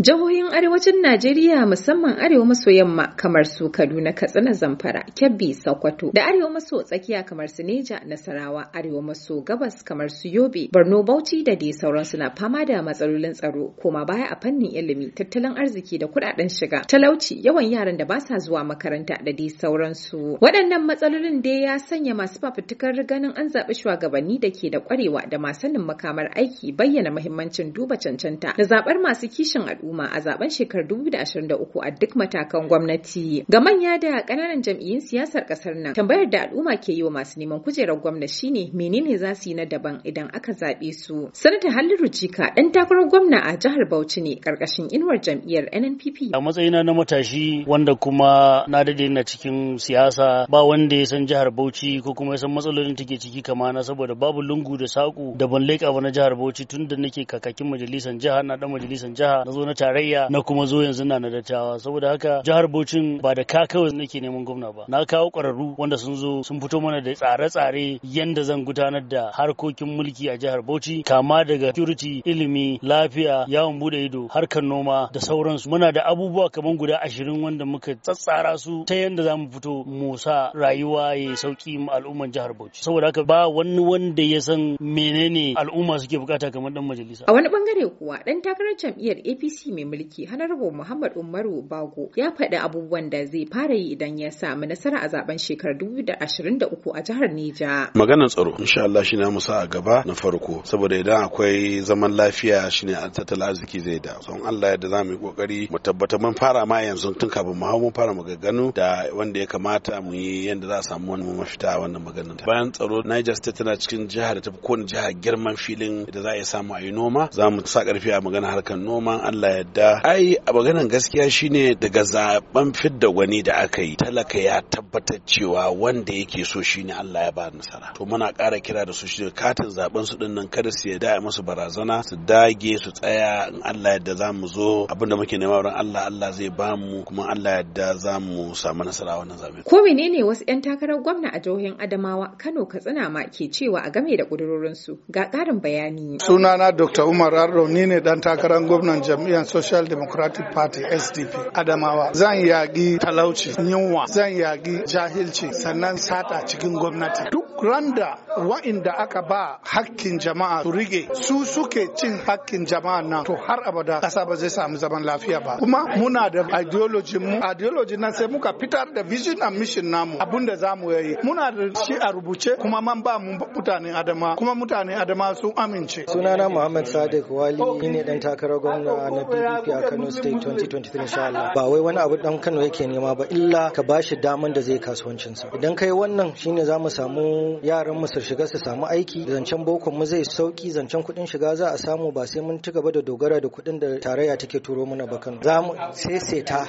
Jihohin Arewacin Najeriya musamman Arewa maso yamma kamar su Kaduna, Katsina, Zamfara, Kebbi, Sokoto da Arewa maso tsakiya kamar su Neja, Nasarawa, Arewa maso gabas kamar su Yobe, Borno, Bauchi da dai sauran suna fama da matsalolin tsaro koma baya a fannin ilimi, tattalin arziki da kuɗaɗen shiga, talauci, yawan yaran da ba sa zuwa makaranta da dai su. Waɗannan matsalolin dai ya sanya masu fafutukar ganin an zaɓi shugabanni da ke da ƙwarewa da masanin makamar aiki bayyana muhimmancin duba cancanta da zaɓar masu kishin al'umma a zaben shekarar 2023 a duk matakan gwamnati. Ga manya da ƙananan jam'iyyun siyasar ƙasar nan, tambayar da al'umma ke yi wa masu neman kujerar gwamna shine menene za su yi na daban idan aka zaɓe su. Sanata Halliru Jika ɗan takarar gwamna a jihar Bauchi ne ƙarƙashin inuwar jam'iyyar NNPP. A matsayina na matashi wanda kuma na dade na cikin siyasa ba wanda ya san jihar Bauchi ko kuma ya san matsalolin take ciki kama na saboda babu lungu da saƙo da ban leƙa ba na jihar Bauchi tun da nake kakakin majalisar jiha na ɗan majalisar jiha na zo na na tarayya na kuma zo yanzu na dattawa saboda haka jihar Bauchin ba da ka kawai nake neman gwamna ba na kawo ƙwararru wanda sun zo sun fito mana da tsare-tsare yanda zan gudanar da harkokin mulki a jihar Bauchi kama daga security ilimi lafiya yawon bude ido harkar noma da sauransu muna da abubuwa kamar guda ashirin wanda muka tsatsara su ta yanda za mu fito mu sa rayuwa ya sauki mu al'umman jihar Bauchi saboda haka ba wani wanda ya san menene al'umma suke bukata kamar dan majalisa a wani bangare kuwa dan takarar jam'iyyar APC APC mai mulki Hanarbo Muhammad Umaru Bago ya faɗi abubuwan da zai fara yi idan ya samu nasara a zaben shekarar 2023 a jihar Nija. Maganar tsaro insha Allah shi mu sa a gaba na farko saboda idan akwai zaman lafiya shine a tattalin arziki zai da. Son Allah yadda za mu yi kokari mu tabbatar mun fara ma yanzu tun kafin mu hau mun fara ganu da wanda ya kamata mu yi yadda za a samu wani mafita a wannan maganar. Bayan tsaro Niger State tana cikin jihar da ta fi kowane jihar girman filin da za a iya samu a yi noma za mu sa ƙarfi a magana harkar noma Allah yadda ai a maganan gaskiya shine daga zaben fidda gwani da aka yi talaka ya tabbatar cewa wanda yake so shine Allah ya ba nasara to muna ƙara kira da su shi katin zaben su dinnan kada su yadda a musu barazana su dage su tsaya in Allah yadda za mu zo abinda muke nema wurin Allah Allah zai ba mu kuma Allah yadda za mu samu nasara wannan zaben ko menene wasu yan takarar gwamna a jihohin Adamawa Kano Katsina ma ke cewa a game da kudurorin su ga ƙarin bayani sunana Dr. Umar Arro ni ne dan takarar gwamnan jami'an. Nigerian Social Democratic Party SDP Adamawa zan yagi talauci, yunwa, zan yagi jahilci, sannan sata cikin gwamnati. Duk randa wa'inda aka ba hakkin jama'a su rige su suke cin hakkin jama'a na. to har abada kasa ba zai samu zaman lafiya ba. Kuma muna da ideology mu, ideology na sai muka fitar da vision and mission namu abinda za mu yi. Muna da shi a rubuce kuma man ba mu mutanen Adama kuma mutanen Adama sun amince. Sunana Muhammad Sadiq Wali ne dan takarar gwamna na PDP a Kano State 2023 insha Allah ba wai wani abu dan Kano yake nema ba illa ka bashi daman da zai kasuwancinsa idan kai wannan shine za mu samu yaran mu su shiga su samu aiki zancen bokon mu zai sauki zancen kuɗin shiga za a samu ba sai mun ci gaba da dogara da kuɗin da tarayya take turo mana ba Kano za mu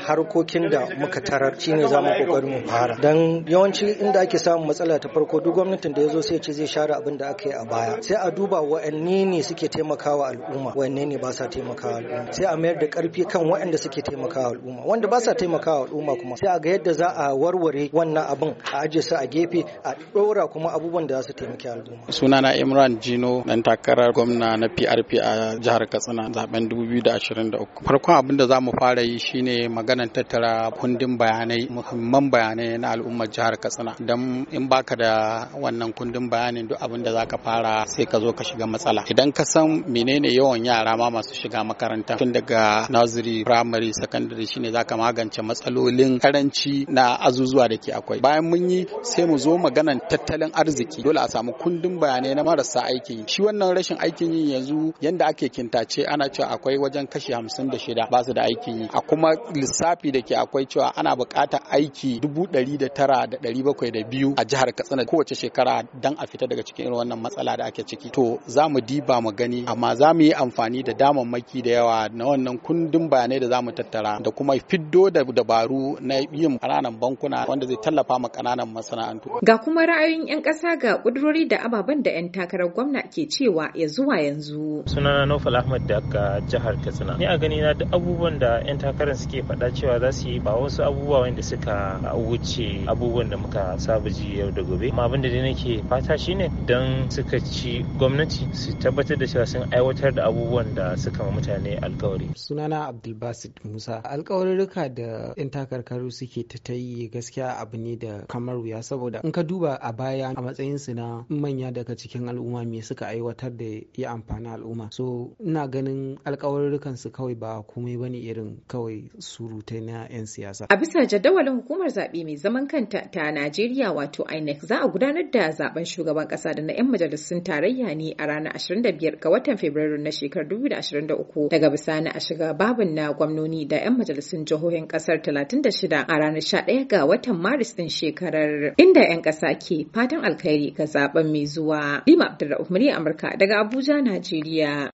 harkokin da muka tarar shine za mu kokarin mu fara dan yawanci inda ake samun matsala ta farko duk gwamnatin da ya zo sai ce zai share abin da aka yi a baya sai a duba wa'anne ne suke taimakawa al'umma wa'anne ne ba sa taimakawa al'umma sai a mayar da karfi kan waɗanda suke taimakawa al'umma wanda ba sa taimakawa al'umma kuma sai a ga yadda za a warware wannan abin a aje su a gefe a ɗora kuma abubuwan da za su taimaki al'umma sunana Imran Jino dan takarar gwamna na PRP a jihar Katsina zaben 2023 farkon abin da za mu fara yi shine maganar tattara kundin bayanai muhimman bayanai na al'ummar jihar Katsina dan in baka da wannan kundin bayanin duk abin da zaka fara sai ka zo ka shiga matsala idan ka san menene yawan yara ma masu shiga makaranta tun da daga nursery primary secondary shine zaka magance matsalolin karanci na azuzuwa da ke akwai bayan mun yi sai mu zo maganan tattalin arziki dole a samu kundin bayanai na marasa aikin yi shi wannan rashin aikin yin yanzu yanda ake kintace ana cewa akwai wajen kashi hamsin da shida ba su da aikin yi a kuma lissafi da ke akwai cewa ana buƙatar aiki dubu ɗari da tara da ɗari bakwai da biyu a jihar katsina kowace shekara dan a fita daga cikin irin wannan matsala da ake ciki to za mu diba mu gani amma za mu yi amfani da damammaki da yawa na wannan kundin bayanai da zamu tattara da kuma fiddo da dabaru na yin ƙananan bankuna wanda zai tallafa ma ƙananan masana'antu. Ga kuma ra'ayoyin 'yan ƙasa ga ƙudurori da ababen da 'yan takarar gwamna ke cewa ya zuwa yanzu. Sunana Nofal Ahmad daga jihar Katsina. Ni a gani na duk abubuwan da 'yan takarar suke faɗa cewa za su yi ba wasu abubuwa wanda suka wuce abubuwan da muka saba ji yau da gobe. Amma abin da dai nake fata shine don suka ci gwamnati su tabbatar da cewa sun aiwatar da abubuwan da suka ma mutane alkawari. alkawari sunana abdulbasit musa alkawarurruka da yan takarkaru suke ta ta yi gaskiya abu ne da kamar wuya saboda in ka duba a baya a matsayin su na manya daga cikin al'umma me suka aiwatar da ya amfani al'umma so ina ganin alkawarurrukan su kawai ba komai bane irin kawai surutai na yan siyasa a bisa jadawalin hukumar zaɓe mai zaman kanta ta Najeriya wato INEC za a gudanar da zaben shugaban kasa da na 'yan majalisun tarayya ne a ranar 25 ga watan Fabrairu na shekarar 2023 daga bisani hana a shiga babin na gwamnoni da 'yan majalisun jihohin kasar 36 a ranar 11 ga watan Maris din shekarar inda 'yan kasa ke fatan alkhairi ga zaben mai zuwa. Lima Abdulrahman Amurka daga Abuja, Najeriya.